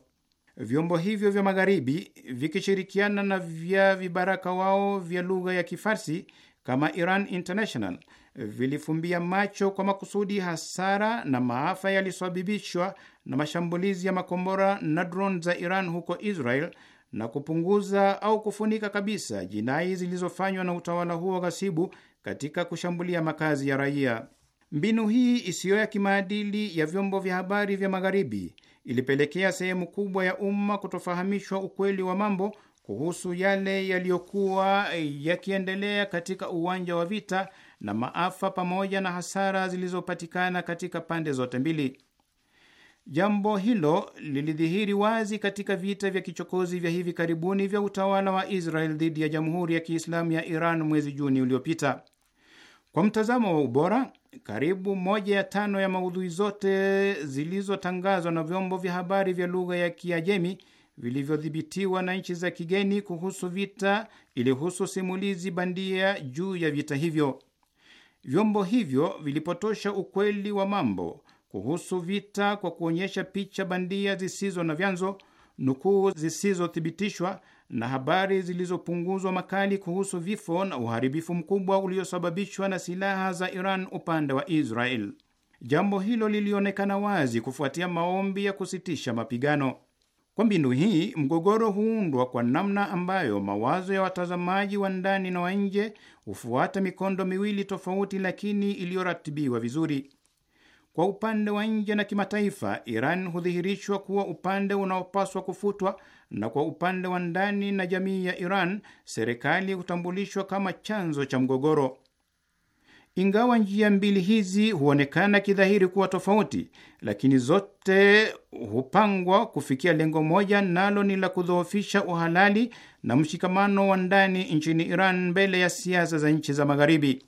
Vyombo hivyo vya Magharibi vikishirikiana na vya vibaraka wao vya lugha ya Kifarsi kama Iran International vilifumbia macho kwa makusudi hasara na maafa yalisababishwa na mashambulizi ya makombora na drone za Iran huko Israel na kupunguza au kufunika kabisa jinai zilizofanywa na utawala huo ghasibu katika kushambulia makazi ya raia. Mbinu hii isiyo ya kimaadili ya vyombo vya habari vya Magharibi ilipelekea sehemu kubwa ya umma kutofahamishwa ukweli wa mambo kuhusu yale yaliyokuwa yakiendelea katika uwanja wa vita na maafa pamoja na hasara zilizopatikana katika pande zote mbili. Jambo hilo lilidhihiri wazi katika vita vya kichokozi vya hivi karibuni vya utawala wa Israel dhidi ya Jamhuri ya Kiislamu ya Iran mwezi Juni uliopita. Kwa mtazamo wa ubora, karibu moja ya tano ya maudhui zote zilizotangazwa na vyombo vya habari vya lugha ya Kiajemi vilivyodhibitiwa na nchi za kigeni kuhusu vita ilihusu simulizi bandia juu ya vita hivyo. Vyombo hivyo vilipotosha ukweli wa mambo kuhusu vita kwa kuonyesha picha bandia zisizo na vyanzo, nukuu zisizothibitishwa na habari zilizopunguzwa makali kuhusu vifo na uharibifu mkubwa uliosababishwa na silaha za Iran upande wa Israel. Jambo hilo lilionekana wazi kufuatia maombi ya kusitisha mapigano. Kwa mbinu hii, mgogoro huundwa kwa namna ambayo mawazo ya watazamaji wa ndani na wa nje hufuata mikondo miwili tofauti, lakini iliyoratibiwa vizuri. Kwa upande wa nje na kimataifa, Iran hudhihirishwa kuwa upande unaopaswa kufutwa, na kwa upande wa ndani na jamii ya Iran, serikali hutambulishwa kama chanzo cha mgogoro. Ingawa njia mbili hizi huonekana kidhahiri kuwa tofauti, lakini zote hupangwa kufikia lengo moja, nalo ni la kudhoofisha uhalali na mshikamano wa ndani nchini Iran mbele ya siasa za nchi za Magharibi.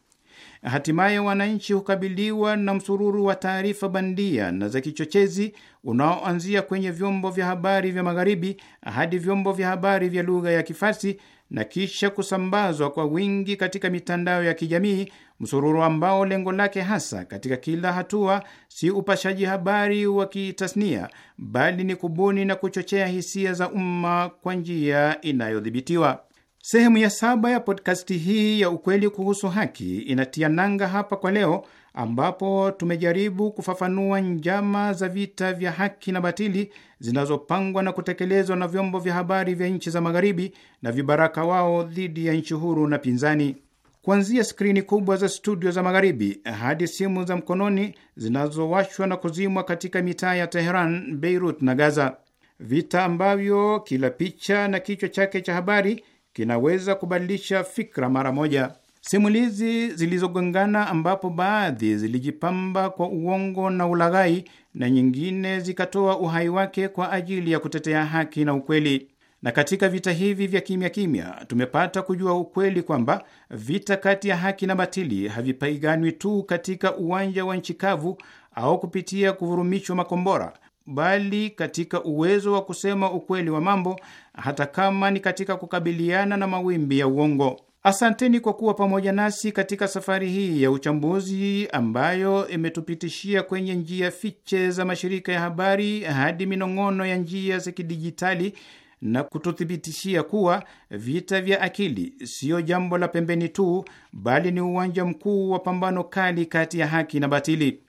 Hatimaye wananchi hukabiliwa na msururu wa taarifa bandia na za kichochezi unaoanzia kwenye vyombo vya habari vya Magharibi hadi vyombo vya habari vya lugha ya Kifarsi na kisha kusambazwa kwa wingi katika mitandao ya kijamii msururu ambao lengo lake hasa katika kila hatua si upashaji habari wa kitasnia, bali ni kubuni na kuchochea hisia za umma kwa njia inayodhibitiwa. Sehemu ya saba ya podkasti hii ya ukweli kuhusu haki inatia nanga hapa kwa leo, ambapo tumejaribu kufafanua njama za vita vya haki na batili zinazopangwa na kutekelezwa na vyombo vya habari vya nchi za Magharibi na vibaraka wao dhidi ya nchi huru na pinzani kuanzia skrini kubwa za studio za magharibi hadi simu za mkononi zinazowashwa na kuzimwa katika mitaa ya Teheran, Beirut na Gaza, vita ambavyo kila picha na kichwa chake cha habari kinaweza kubadilisha fikra mara moja. Simulizi zilizogongana ambapo baadhi zilijipamba kwa uongo na ulaghai na nyingine zikatoa uhai wake kwa ajili ya kutetea haki na ukweli. Na katika vita hivi vya kimya kimya tumepata kujua ukweli kwamba vita kati ya haki na batili havipiganwi tu katika uwanja wa nchi kavu au kupitia kuvurumishwa makombora, bali katika uwezo wa kusema ukweli wa mambo, hata kama ni katika kukabiliana na mawimbi ya uongo. Asanteni kwa kuwa pamoja nasi katika safari hii ya uchambuzi ambayo imetupitishia kwenye njia fiche za mashirika ya habari hadi minong'ono ya njia za kidijitali na kututhibitishia kuwa vita vya akili siyo jambo la pembeni tu, bali ni uwanja mkuu wa pambano kali kati ya haki na batili.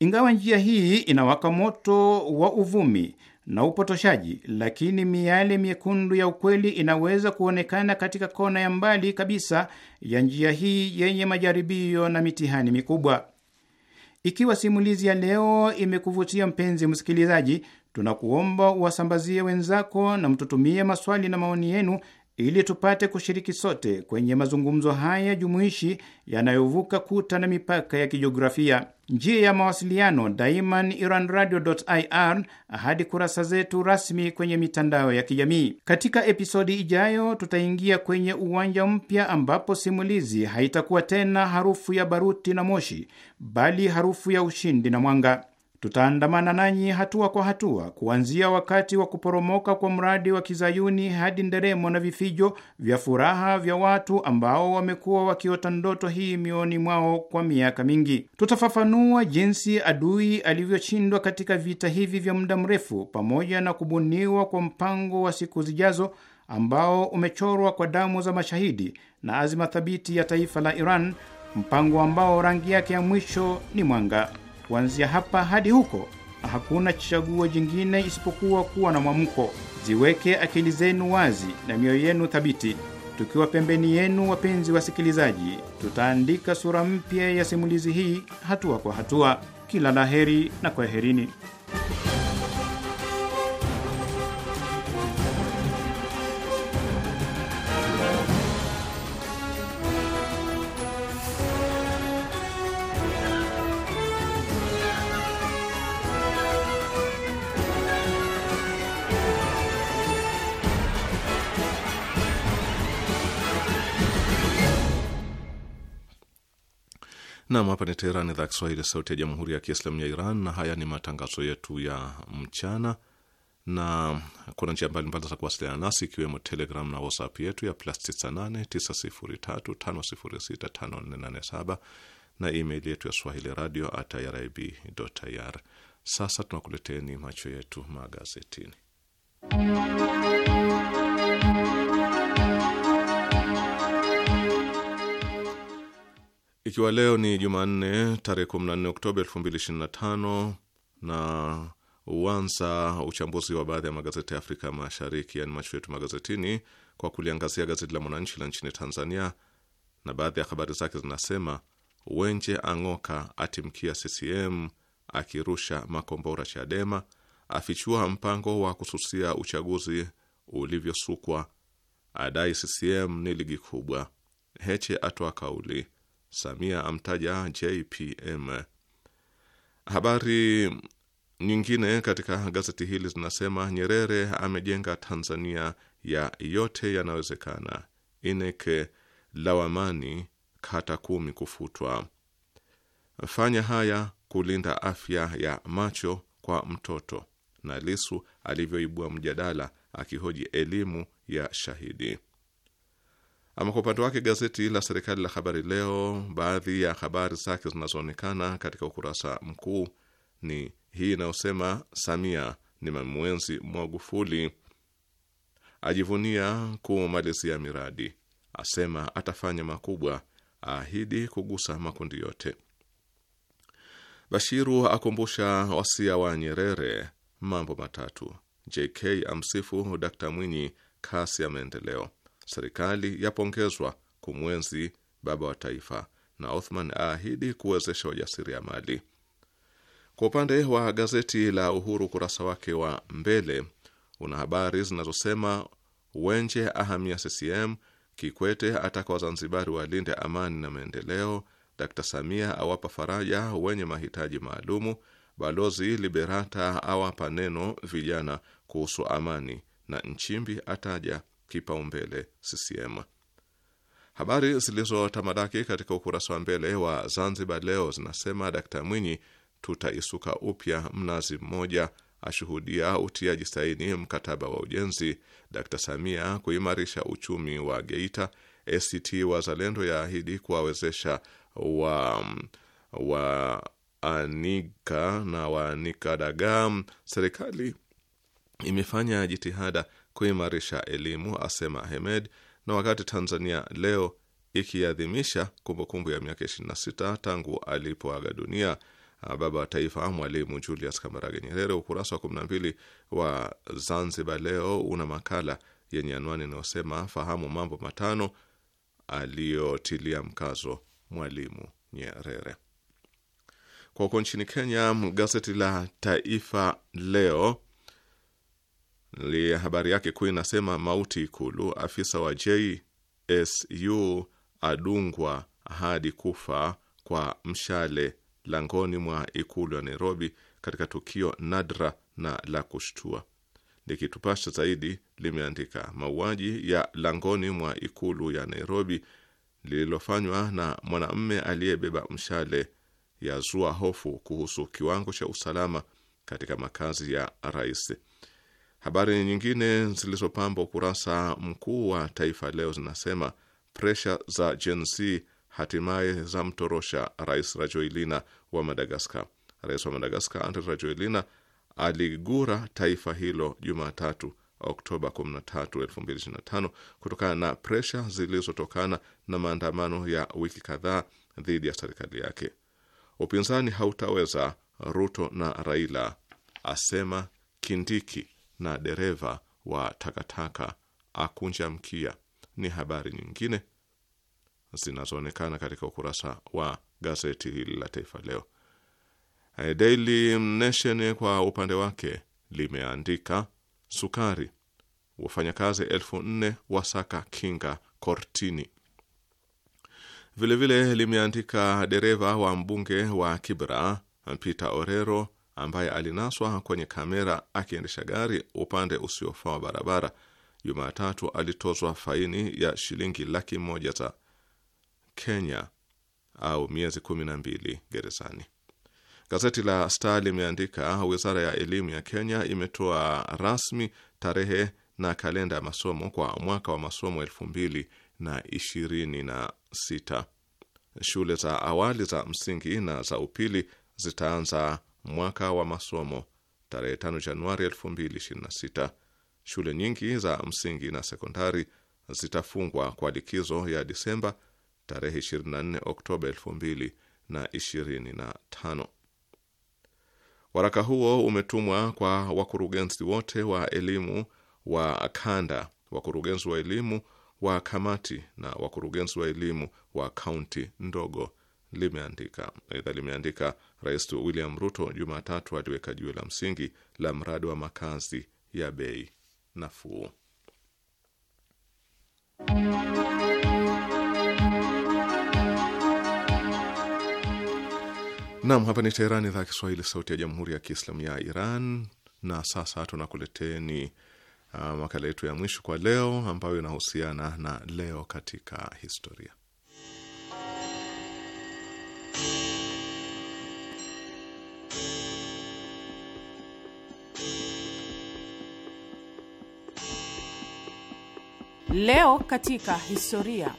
Ingawa njia hii inawaka moto wa uvumi na upotoshaji, lakini miale miekundu ya ukweli inaweza kuonekana katika kona ya mbali kabisa ya njia hii yenye majaribio na mitihani mikubwa. Ikiwa simulizi ya leo imekuvutia mpenzi msikilizaji, Tunakuomba uwasambazie wenzako na mtutumie maswali na maoni yenu ili tupate kushiriki sote kwenye mazungumzo haya jumuishi yanayovuka kuta na mipaka ya kijiografia. Njia ya mawasiliano daima ni iranradio.ir hadi kurasa zetu rasmi kwenye mitandao ya kijamii. Katika episodi ijayo, tutaingia kwenye uwanja mpya ambapo simulizi haitakuwa tena harufu ya baruti na moshi, bali harufu ya ushindi na mwanga. Tutaandamana nanyi hatua kwa hatua, kuanzia wakati wa kuporomoka kwa mradi wa kizayuni hadi nderemo na vifijo vya furaha vya watu ambao wamekuwa wakiota ndoto hii mioni mwao kwa miaka mingi. Tutafafanua jinsi adui alivyoshindwa katika vita hivi vya muda mrefu, pamoja na kubuniwa kwa mpango wa siku zijazo ambao umechorwa kwa damu za mashahidi na azima thabiti ya taifa la Iran, mpango ambao rangi yake ya mwisho ni mwanga. Kuanzia hapa hadi huko, hakuna chaguo jingine isipokuwa kuwa na mwamko. Ziweke akili zenu wazi na mioyo yenu thabiti. Tukiwa pembeni yenu, wapenzi wasikilizaji, tutaandika sura mpya ya simulizi hii hatua kwa hatua. Kila laheri na kwaherini. Nam, hapa ni Teherani, idhaa Kiswahili, sauti ya jamhuri ya kiislamu ya Iran, na haya ni matangazo yetu ya mchana, na kuna njia mbalimbali za kuwasiliana nasi ikiwemo Telegram na WhatsApp yetu ya plus 98 na email yetu ya swahili radio at irib.ir. Sasa tunakuleteni macho yetu magazetini ikiwa leo ni Jumanne tarehe 14 Oktoba 2025 na uanza uchambuzi wa baadhi ya magazeti ya Afrika Mashariki, yani macho yetu magazetini, kwa kuliangazia gazeti la Mwananchi la nchini Tanzania, na baadhi ya habari zake zinasema: Wenje ang'oka atimkia CCM akirusha makombora Chadema, afichua mpango wa kususia uchaguzi ulivyosukwa, adai CCM ni ligi kubwa, Heche atoa kauli Samia amtaja JPM. Habari nyingine katika gazeti hili zinasema Nyerere amejenga Tanzania ya yote yanawezekana. Ineke lawamani kata kumi kufutwa. Fanya haya kulinda afya ya macho kwa mtoto, na Lisu alivyoibua mjadala akihoji elimu ya shahidi. Ama kwa upande wake gazeti la serikali la Habari Leo, baadhi ya habari zake zinazoonekana katika ukurasa mkuu ni hii inayosema Samia ni mamwenzi Magufuli, ajivunia kumalizia miradi, asema atafanya makubwa, aahidi kugusa makundi yote. Bashiru akumbusha wasia wa Nyerere mambo matatu. JK amsifu Dkt Mwinyi kasi ya maendeleo serikali yapongezwa kumwenzi baba wa taifa, na Othman aahidi kuwezesha wajasiriamali. Kwa upande wa gazeti la Uhuru, ukurasa wake wa mbele una habari zinazosema Wenje ahamia CCM, Kikwete ataka Wazanzibari walinde amani na maendeleo, Dkt Samia awapa faraja wenye mahitaji maalumu, Balozi Liberata awapa neno vijana kuhusu amani, na Nchimbi ataja kipaumbele CCM. Habari zilizotamalaki katika ukurasa wa mbele wa Zanzibar Leo zinasema Dkt Mwinyi, tutaisuka upya mnazi mmoja, ashuhudia utiaji saini mkataba wa ujenzi. Dkt Samia kuimarisha uchumi wa Geita. ACT Wazalendo yaahidi kuwawezesha wa waanika na waanika dagaa. Serikali imefanya jitihada kuimarisha elimu, asema Hemed. Na wakati Tanzania leo ikiadhimisha kumbukumbu ya miaka 26 tangu alipoaga dunia ah, baba wa taifa Mwalimu Julius Kambarage Nyerere, ukurasa wa 12 wa Zanzibar Leo una makala yenye anwani inayosema fahamu mambo matano aliyotilia mkazo Mwalimu Nyerere. Kwa huko nchini Kenya, gazeti la Taifa Leo li habari yake kuu inasema mauti Ikulu, afisa wa JSU adungwa hadi kufa kwa mshale langoni mwa ikulu ya Nairobi katika tukio nadra na la kushtua. Likitupasha zaidi limeandika mauaji ya langoni mwa ikulu ya Nairobi lililofanywa na mwanamme aliyebeba mshale ya zua hofu kuhusu kiwango cha usalama katika makazi ya rais. Habari nyingine zilizopamba ukurasa mkuu wa Taifa Leo zinasema presha za Gen Z hatimaye za mtorosha Rais Rajoelina wa Madagaskar. Rais wa Madagaskar Andry Rajoelina aligura taifa hilo Jumatatu Oktoba 13, 2025 kutokana na presha zilizotokana na maandamano ya wiki kadhaa dhidi ya serikali yake. Upinzani hautaweza, Ruto na Raila asema Kindiki na dereva wa takataka akunja mkia ni habari nyingine zinazoonekana katika ukurasa wa gazeti hili la Taifa Leo. Daily Nation kwa upande wake limeandika sukari, wafanyakazi elfu nne wasaka kinga kortini. Vilevile vile limeandika dereva wa mbunge wa Kibra Peter Orero ambaye alinaswa kwenye kamera akiendesha gari upande usiofaa wa barabara, Jumatatu alitozwa faini ya shilingi laki moja za Kenya au miezi kumi na mbili gerezani. Gazeti la Star limeandika wizara ya elimu ya Kenya imetoa rasmi tarehe na kalenda ya masomo kwa mwaka wa masomo elfu mbili na ishirini na sita. Shule za awali za msingi na za upili zitaanza mwaka wa masomo tarehe 5 Januari 2026. Shule nyingi za msingi na sekondari zitafungwa kwa likizo ya Disemba tarehe 24 Oktoba 2025. Waraka huo umetumwa kwa wakurugenzi wote wa elimu wa kanda, wakurugenzi wa elimu wa kamati na wakurugenzi wa elimu wa kaunti ndogo, limeandika. Aidha limeandika Rais William Ruto Jumatatu aliweka jiwe la msingi la mradi wa makazi ya bei nafuu. Nam, hapa ni Teherani, idhaa ya Kiswahili, sauti ya jamhuri ya kiislamu ya Iran. Na sasa tunakuleteni uh, makala yetu ya mwisho kwa leo ambayo inahusiana na leo katika historia. Leo katika historia.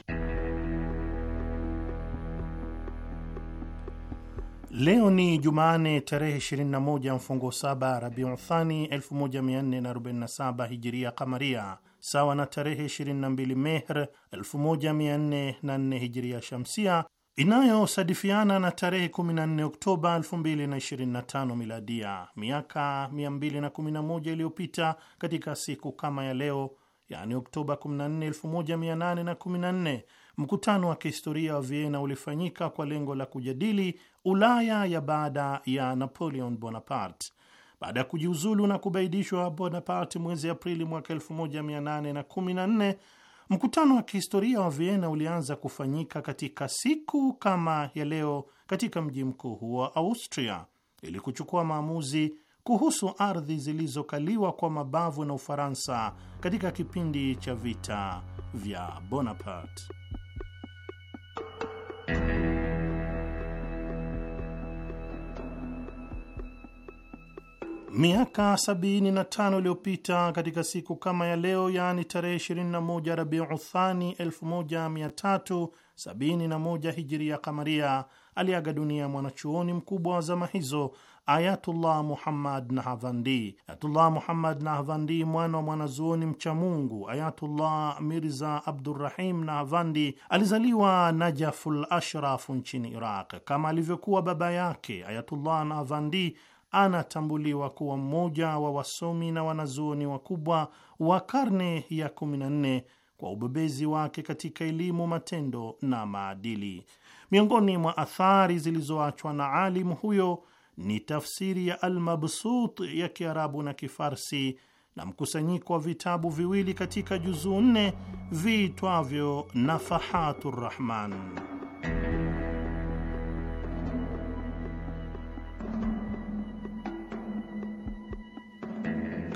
Leo ni Jumane tarehe 21 mfungo saba Rabiu Thani 1447 hijiria kamaria, sawa na tarehe 22 Mehr 1404 hijiria shamsia inayosadifiana na tarehe 14 Oktoba 2025 miladia. Miaka 211 iliyopita katika siku kama ya leo yani Oktoba 14, 1814, mkutano wa kihistoria wa Vienna ulifanyika kwa lengo la kujadili Ulaya ya baada ya Napoleon Bonaparte. Baada ya kujiuzulu na kubaidishwa Bonaparte mwezi Aprili mwaka 1814, mkutano wa kihistoria wa Vienna ulianza kufanyika katika siku kama ya leo katika mji mkuu huo wa Austria ili kuchukua maamuzi kuhusu ardhi zilizokaliwa kwa mabavu na Ufaransa katika kipindi cha vita vya Bonaparte. Miaka 75 iliyopita katika siku kama ya leo, yaani tarehe 21 Rabiu Thani 1371 Hijiria Kamaria, aliaga dunia mwanachuoni mkubwa wa zama hizo Ayatullah Muhammad Nahdhandi. Ayatullah Muhammad Nahdhandi, mwana wa mwanazuoni mchamungu Ayatullah Mirza Abdurrahim Nahdhandi, alizaliwa Najaful Ashrafu nchini Iraq. Kama alivyokuwa baba yake, Ayatullah Nahdhandi anatambuliwa kuwa mmoja wa wasomi na wanazuoni wakubwa wa karne ya 14 kwa ubobezi wake katika elimu, matendo na maadili. Miongoni mwa athari zilizoachwa na alimu huyo ni tafsiri ya Almabsut ya Kiarabu na Kifarsi na mkusanyiko wa vitabu viwili katika juzuu nne viitwavyo Nafahatu Rahman.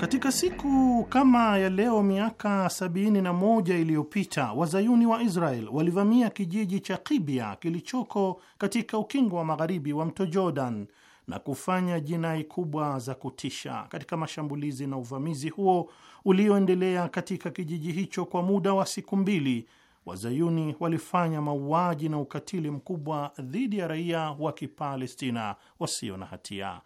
Katika siku kama ya leo miaka 71 iliyopita wazayuni wa Israel walivamia kijiji cha Kibya kilichoko katika ukingo wa magharibi wa mto Jordan na kufanya jinai kubwa za kutisha katika mashambulizi na uvamizi huo ulioendelea katika kijiji hicho kwa muda wa siku mbili. Wazayuni walifanya mauaji na ukatili mkubwa dhidi ya raia wa Kipalestina wasio na hatia.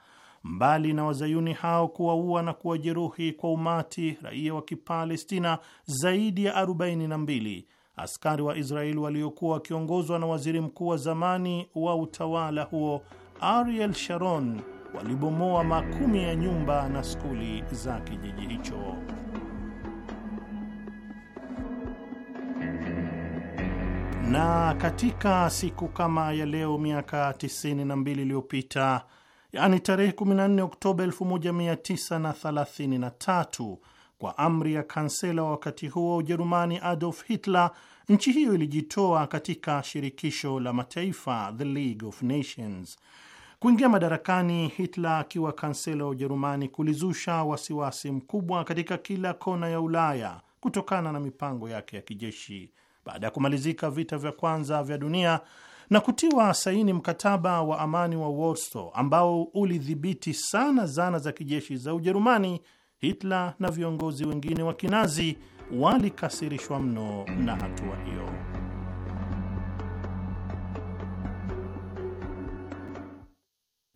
Mbali na wazayuni hao kuwaua na kuwajeruhi kwa umati raia wa Kipalestina zaidi ya 42, askari wa Israeli waliokuwa wakiongozwa na waziri mkuu wa zamani wa utawala huo Ariel Sharon walibomoa makumi ya nyumba na skuli za kijiji hicho. Na katika siku kama ya leo miaka 92 iliyopita, yaani tarehe 14 Oktoba 1933, kwa amri ya kansela wakati huo Ujerumani Adolf Hitler, nchi hiyo ilijitoa katika shirikisho la mataifa, the League of Nations. Kuingia madarakani Hitler akiwa kansela wa Ujerumani kulizusha wasiwasi mkubwa katika kila kona ya Ulaya kutokana na mipango yake ya kijeshi. Baada ya kumalizika vita vya kwanza vya dunia na kutiwa saini mkataba wa amani wa Warsaw ambao ulidhibiti sana zana za kijeshi za Ujerumani, Hitler na viongozi wengine wa Kinazi walikasirishwa mno na hatua hiyo.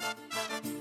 Thank you.